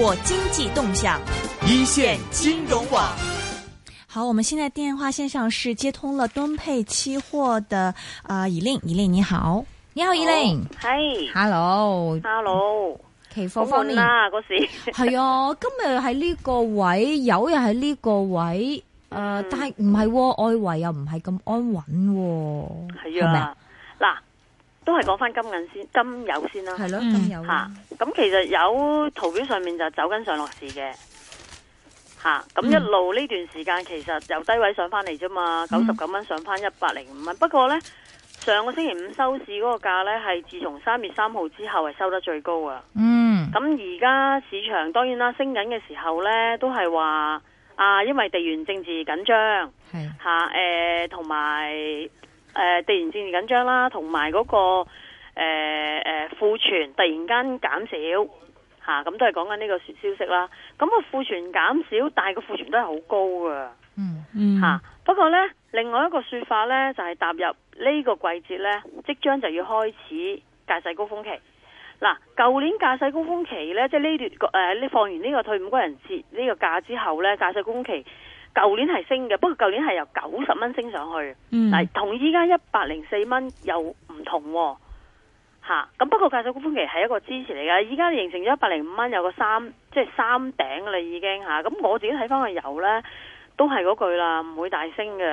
我經濟動向，一線金融網。好，我們現在電話線上是接通了。敦沛期貨的啊，艷玲艷玲，你好，你好，艷玲，係，hello，hello，期貨方面啊，嗰時係啊，今日喺呢個位，有又喺呢個位，呃，mm. 但係唔係，外圍又唔係咁安穩，哦，係咪啊？嗱。都係講翻金銀先，金有先啦，係咯、啊，金有吓。咁其實有圖表上面就走緊上落市嘅，吓、啊、咁一路呢段時間其實由低位上翻嚟啫嘛，九十九蚊上翻一百零五蚊。不過呢，上個星期五收市嗰個價呢，係自從三月三號之後係收得最高、嗯、啊。嗯，咁而家市場當然啦，升緊嘅時候呢，都係話啊，因為地緣政治緊張吓，誒同埋。啊欸誒、呃，地緣政治緊張啦，同埋嗰個誒誒庫存突然間減少，吓、啊、咁都係講緊呢個消息啦。咁個庫存減少，但係個庫存都係好高噶。嗯嗯、吓、啊嗯、不過呢，另外一個說法呢，就係、是、踏入呢個季節呢，即將就要開始駕駛高峰期。嗱、啊，舊年駕駛高峰期呢，即係呢段誒、呃、你放完呢個退伍軍人節呢個假之後呢，駕駛高峰期。舊年係升嘅，不過舊年係由九十蚊升上去，嗱、嗯、同依家一百零四蚊又唔同吓。咁、啊、不過介壽高峰期係一個支持嚟噶，依家形成咗一百零五蚊有個三即係三頂啦已經吓。咁、啊、我自己睇翻個油呢，都係嗰句啦，唔會大升嘅、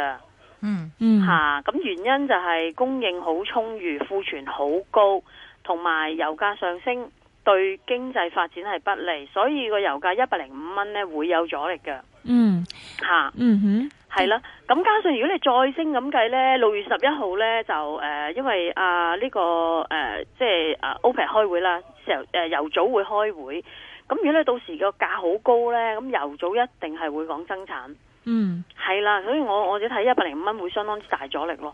嗯。嗯嗯吓，咁、啊、原因就係供應好充裕，庫存好高，同埋油價上升對經濟發展係不利，所以個油價一百零五蚊呢會有阻力嘅。嗯，吓、啊，嗯哼，係啦，咁加上如果你再升咁計咧，六月十一號咧就誒、呃，因為阿呢、呃這個誒、呃，即係誒、呃、OPEC 開會啦，石、呃、油誒油組會開會，咁如果你到時個價好高咧，咁油組一定係會講增產，嗯，係啦，所以我我只睇一百零五蚊會相當之大阻力咯。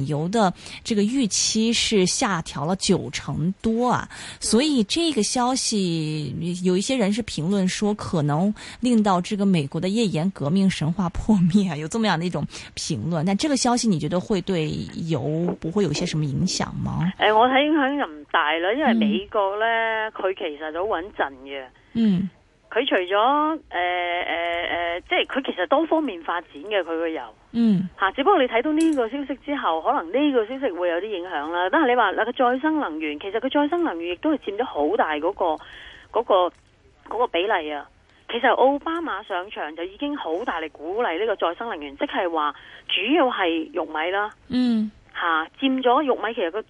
油的這個預期是下調了九成多啊，所以這個消息有一些人是評論說可能令到這個美國的頁岩革命神話破滅啊，有這麼樣的一種評論。但這個消息你覺得會對油不會有些什麼影響嗎？誒、呃，我睇影響又唔大啦，因為美國呢，佢其實就好穩陣嘅，嗯。佢除咗誒誒誒，即係佢其實多方面發展嘅，佢個油，嗯，吓，只不過你睇到呢個消息之後，可能呢個消息會有啲影響啦。但係你話佢個再生能源，其實佢再生能源亦都係佔咗好大嗰個嗰個嗰個比例啊。其實奧巴馬上場就已經好大力鼓勵呢個再生能源，即係話主要係玉米啦，嗯，吓，啊，佔咗玉米，其實個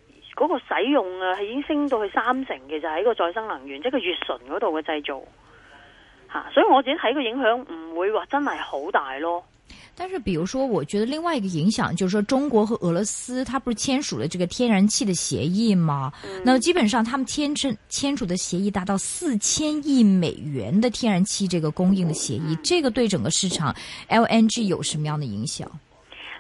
嗰個使用啊係已經升到去三成嘅，就係一個再生能源即係個乙醇嗰度嘅製造。啊、所以我自己睇個影響唔會話真係好大咯。但是，比如說，我覺得另外一個影響就是說，中國和俄羅斯，他不是簽署了這個天然氣的協議嗎？嗯、那基本上，他們簽簽簽署的協議達到四千億美元的天然氣這個供應的協議，嗯、這個對整個市場 LNG 有什麼樣的影響？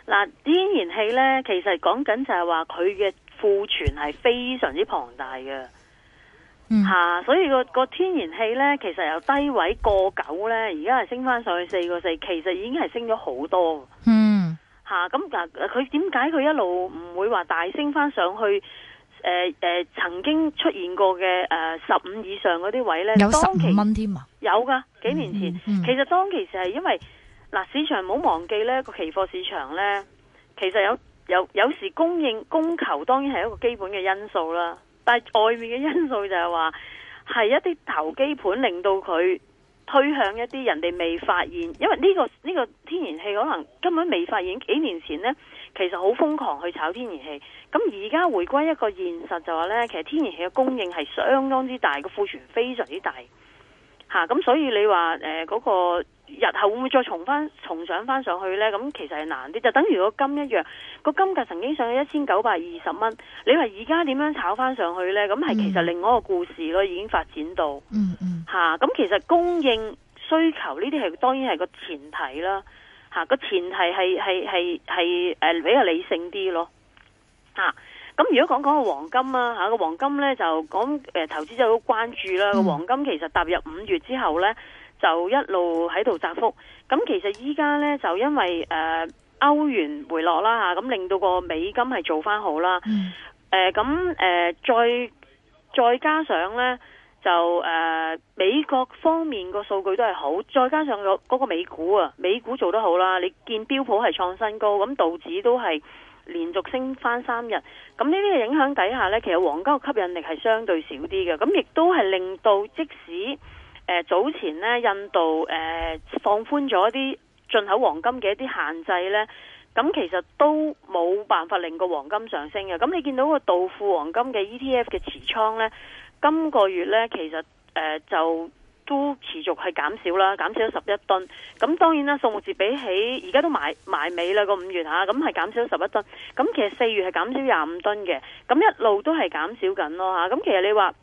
嗱、啊，天然氣呢，其實講緊就係話佢嘅庫存係非常之龐大嘅。吓、嗯啊，所以個個天然氣咧，其實由低位過九咧，而家係升翻上去四個四，其實已經係升咗好多。嗯，吓咁嗱，佢點解佢一路唔會話大升翻上去？誒、呃、誒、呃，曾經出現過嘅誒十五以上嗰啲位咧，有十五蚊添啊，時嗎有噶幾年前，嗯嗯、其實當其時係因為嗱，市場唔好忘記咧個期貨市場咧，其實有有有時供應供求當然係一個基本嘅因素啦。但係外面嘅因素就係話，係一啲投機盤令到佢推向一啲人哋未發現，因為呢個呢個天然氣可能根本未發現。幾年前呢，其實好瘋狂去炒天然氣，咁而家回歸一個現實就話呢，其實天然氣嘅供應係相當之大，個庫存非常之大，吓、啊、咁所以你話誒嗰個。日後會唔會再重翻重上翻上去呢？咁其實係難啲，就等於個金一樣，個金價曾經上去一千九百二十蚊，你話而家點樣炒翻上去呢？咁係其實另外一個故事咯，已經發展到，嗯嗯，吓咁、啊、其實供應需求呢啲係當然係個前提啦，吓、啊、個前提係係係係誒比較理性啲咯，吓、啊、咁如果講講個黃金啦吓個黃金呢就講誒、欸、投資者好關注啦，嗯、個黃金其實踏入五月之後呢。就一路喺度窄幅，咁其實依家呢，就因為誒歐、呃、元回落啦吓，咁令到個美金係做翻好啦。咁誒、嗯呃呃、再再加上呢，就誒、呃、美國方面個數據都係好，再加上個嗰美股啊，美股做得好啦。你見標普係創新高，咁道指都係連續升翻三日。咁呢啲嘅影響底下呢，其實黃金嘅吸引力係相對少啲嘅。咁亦都係令到即使。誒早前呢，印度誒、呃、放寬咗一啲進口黃金嘅一啲限制呢，咁其實都冇辦法令個黃金上升嘅。咁你見到個道富黃金嘅 ETF 嘅持倉呢，今個月呢，其實誒、呃、就都持續係減少啦，減少咗十一噸。咁當然啦，數目字比起而家都買埋尾啦，個五月嚇，咁係減少咗十一噸。咁其實四月係減少廿五噸嘅，咁一路都係減少緊咯嚇。咁其實你話，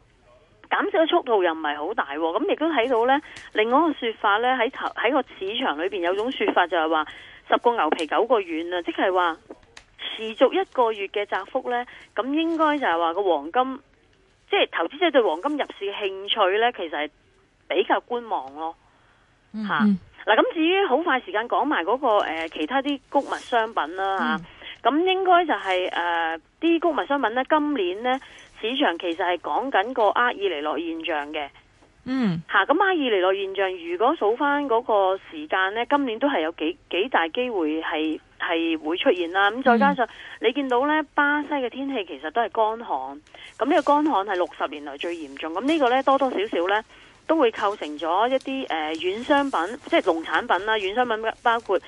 減息嘅速度又唔係好大，咁亦都睇到呢，另外個說法呢，喺頭喺個市場裏邊有一種說法就係話，十個牛皮九個軟啊，即係話持續一個月嘅窄幅呢。咁應該就係話個黃金，即係投資者對黃金入市嘅興趣呢，其實係比較觀望咯。吓、嗯嗯啊，嗱，咁至於好快時間講埋嗰個誒、呃、其他啲穀物商品啦吓，咁、啊、應該就係誒啲穀物商品呢。今年呢。市場其實係講緊個厄爾尼諾現象嘅，嗯，吓咁厄爾尼諾現象，如果數翻嗰個時間呢，今年都係有幾幾大機會係係會出現啦。咁再加上、嗯、你見到呢，巴西嘅天氣其實都係乾旱，咁呢個乾旱係六十年來最嚴重。咁呢個咧多多少少呢都會構成咗一啲誒軟商品，即係農產品啦，軟商品包括誒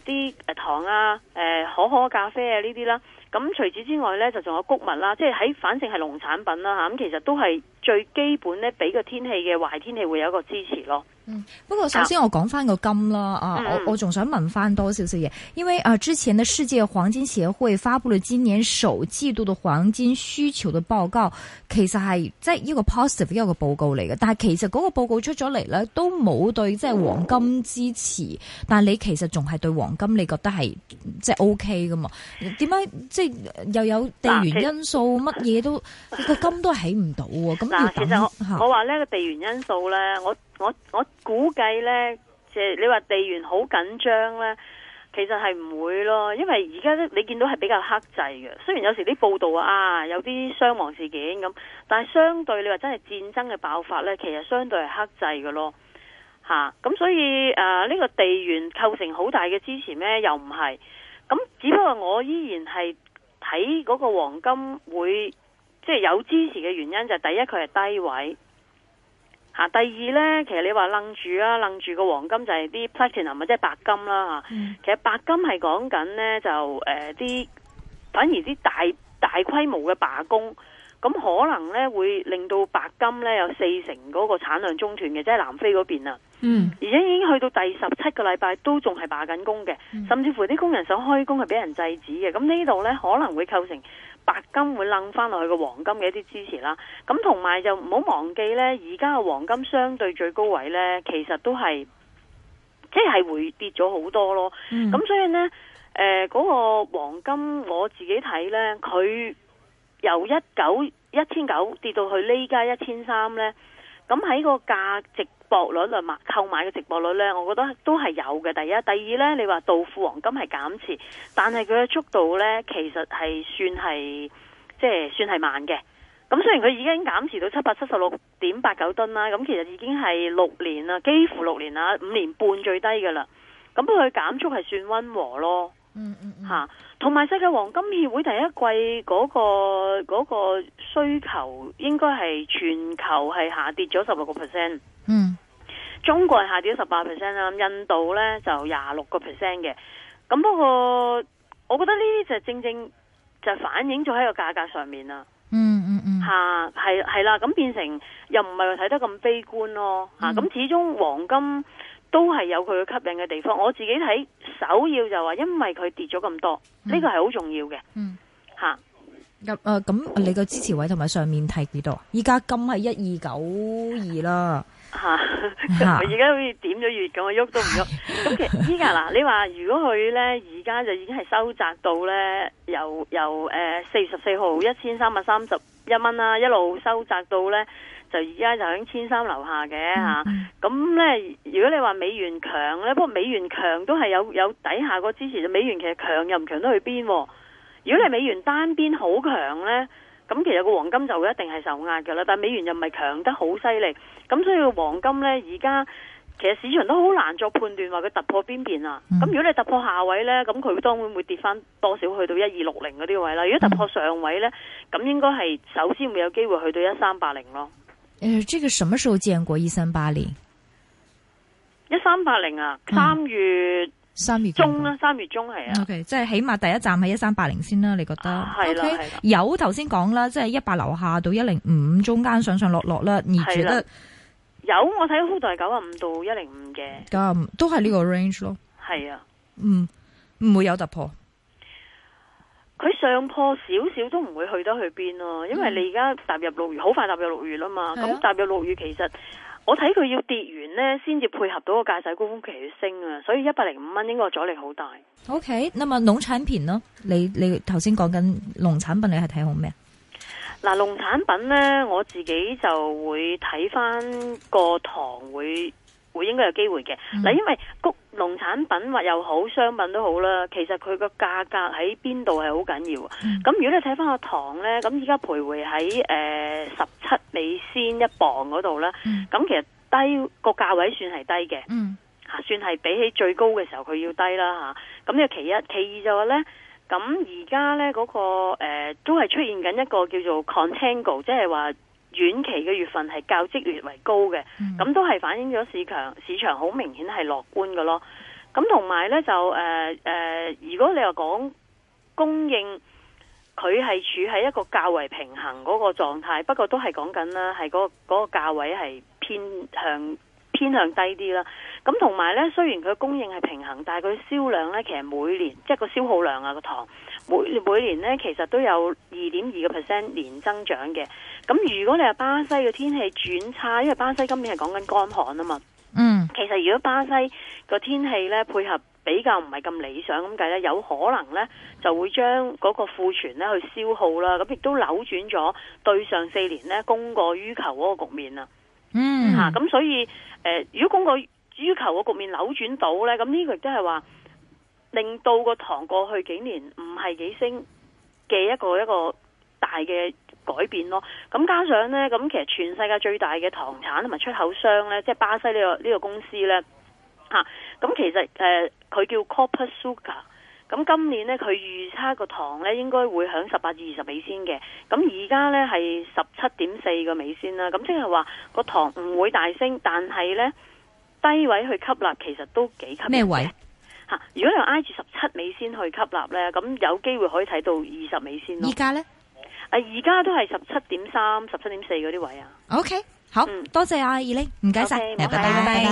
啲、呃呃、糖啊，誒、呃、可可咖啡啊呢啲啦。咁除此之外咧，就仲有谷物啦，即係喺反正係農產品啦吓，咁、啊、其實都係最基本咧，俾個天氣嘅壞天氣會有一個支持咯。嗯、不過首先我講翻個金啦，啊、嗯、我我仲想問翻多少少嘢，因為啊，之前呢世界黃金協會發布了今年首季度嘅黃金需求嘅報告，其實係即係一個 positive 一個報告嚟嘅，但係其實嗰個報告出咗嚟咧，都冇對即係黃金支持，嗯、但係你其實仲係對黃金，你覺得係即係 OK 噶嘛？點解即係又有地緣因素乜嘢實都個金都起唔到啊？咁其實我我話呢個地緣因素咧，我。我我估計呢，即係你話地緣好緊張呢，其實係唔會咯，因為而家你見到係比較克制嘅。雖然有時啲報道啊，有啲傷亡事件咁，但係相對你話真係戰爭嘅爆發呢，其實相對係克制嘅咯。吓、啊，咁所以誒呢、啊呢個地緣構成好大嘅支持咩？又唔係。咁只不過我依然係睇嗰個黃金會，即、就、係、係、有支持嘅原因就係、第一，佢係低位。第二呢，其實你話楞住啊，楞住個黃金就係啲 platinum 即係白金啦吓、嗯、其實白金係講緊呢，就誒啲、呃，反而啲大大規模嘅罷工，咁可能呢會令到白金呢有四成嗰個產量中斷嘅，即係南非嗰邊啊。嗯，而且已經去到第十七個禮拜都仲係罷緊工嘅，嗯、甚至乎啲工人想開工係俾人制止嘅。咁呢度呢可能會構成白金會掕翻落去個黃金嘅一啲支持啦，咁同埋就唔好忘記呢，而家嘅黃金相對最高位呢，其實都係即係回跌咗好多咯。咁、嗯、所以呢，誒、呃、嗰、那個黃金我自己睇呢，佢由一九一千九跌到去呢家一千三呢，咁喺個價值。薄率咧買購買嘅直播率呢，我覺得都係有嘅。第一，第二呢，你話道富黃金係減持，但係佢嘅速度呢，其實係算係即係算係慢嘅。咁雖然佢已經減持到七百七十六點八九噸啦，咁其實已經係六年啦，幾乎六年啦，五年半最低嘅啦。咁佢減速係算溫和咯。嗯，嗯嗯，嚇，同埋世界黃金協會第一季嗰個嗰個需求應該係全球係下跌咗十六個 percent。嗯。中國係下跌咗十八 percent 啦，印度咧，就廿六個 percent 嘅。咁不過我覺得呢啲就正正就反映咗喺個價格上面啦，嗯。嗯嗯嗯，吓係係啦，咁變成又唔係話睇得咁悲觀咯。吓咁、嗯、始終黃金都係有佢嘅吸引嘅地方。我自己睇首要就話，因為佢跌咗咁多，呢個係好重要嘅，嗯。嗯，吓咁咁你個支持位同埋上面睇幾多？依家金係一二九二啦。吓，而家 好似點咗穴咁，我喐都唔喐。咁 其實依家嗱，你話如果佢咧，而家就已經係收窄到咧，由由誒四月十四號一千三百三十一蚊，啦，一路收窄到咧，就而家就喺千三樓下嘅吓。咁、啊、咧， 如果你話美元強咧，不過美元強都係有有底下個支持。美元其實強又唔強都去邊？如果你美元單邊好強咧？咁其實個黃金就會一定係受壓噶啦，但係美元又唔係強得好犀利，咁所以個黃金呢，而家其實市場都好難作判斷話佢突破邊邊啊。咁、嗯、如果你突破下位呢，咁佢當會唔會跌翻多少去到一二六零嗰啲位啦。如果突破上位呢，咁、嗯、應該係首先會有機會去到一三八零咯。誒，這個什麼時候見過一三八零？一三八零啊，三月。嗯三月中啦，三月中係啊。O、okay, K，即係起碼第一站喺一三八零先啦，你覺得？係啦，有頭先講啦，即係一百樓下到一零五中間上上落落啦，而住得有我睇到幅度係九十五到一零五嘅。九十五都係呢個 range 咯。係啊，嗯，唔會有突破。佢上破少少都唔會去得去邊咯，因為你而家踏入六月，好、嗯、快踏入六月啦嘛。咁、啊、踏入六月，其實。我睇佢要跌完呢，先至配合到個駕駛高峰期去升啊，所以一百零五蚊應該阻力好大。O K，咁啊，農產品咯，你你頭先講緊農產品，你係睇好咩？嗱，農產品呢，我自己就會睇翻個糖會。會應該有機會嘅，嗱、嗯，因為谷農產品或又好商品都好啦，其實佢個價格喺邊度係好緊要。咁、嗯、如果你睇翻個糖咧，咁而家徘徊喺誒十七美仙一磅嗰度啦，咁、嗯、其實低個價位算係低嘅，嗯、算係比起最高嘅時候佢要低啦嚇。咁、啊、咧，其一其二就係咧，咁而家咧嗰個、呃、都係出現緊一個叫做 contango，即係話。短期嘅月份係較積月為高嘅，咁都係反映咗市場，市場好明顯係樂觀嘅咯。咁同埋呢，就誒誒、呃呃，如果你又講供應，佢係處喺一個較為平衡嗰個狀態，不過都係講緊啦，係、那、嗰個價位係偏向偏向低啲啦。咁同埋呢，雖然佢供應係平衡，但係佢銷量呢，其實每年即係、就是、個消耗量啊、那個糖。每每年咧，其實都有二點二個 percent 年增長嘅。咁如果你話巴西嘅天氣轉差，因為巴西今年係講緊乾旱啊嘛。嗯。其實如果巴西個天氣咧配合比較唔係咁理想咁計咧，有可能咧就會將嗰個庫存咧去消耗啦。咁亦都扭轉咗對上四年咧供過於求嗰個局面，嗯、啊。嗯。咁所以、呃、如果供過於求個局面扭轉到咧，咁呢個亦都係話。令到個糖過去幾年唔係幾升嘅一個一個大嘅改變咯。咁加上呢，咁其實全世界最大嘅糖產同埋出口商呢，即係巴西呢、這個呢、這個公司呢，吓、啊、咁其實誒，佢、呃、叫 Copersucar。咁今年呢，佢預測個糖呢，應該會響十八至二十美仙嘅。咁而家呢係十七點四個美仙啦。咁即係話個糖唔會大升，但係呢，低位去吸納，其實都幾吸引咩位？吓，如果你挨住十七尾先去吸納咧，咁有機會可以睇到二十尾先咯。而家咧，誒而家都係十七點三、十七點四啲位啊。O、okay, K，好、嗯、多謝啊，艷玲，唔該晒，拜拜拜拜。拜拜拜拜。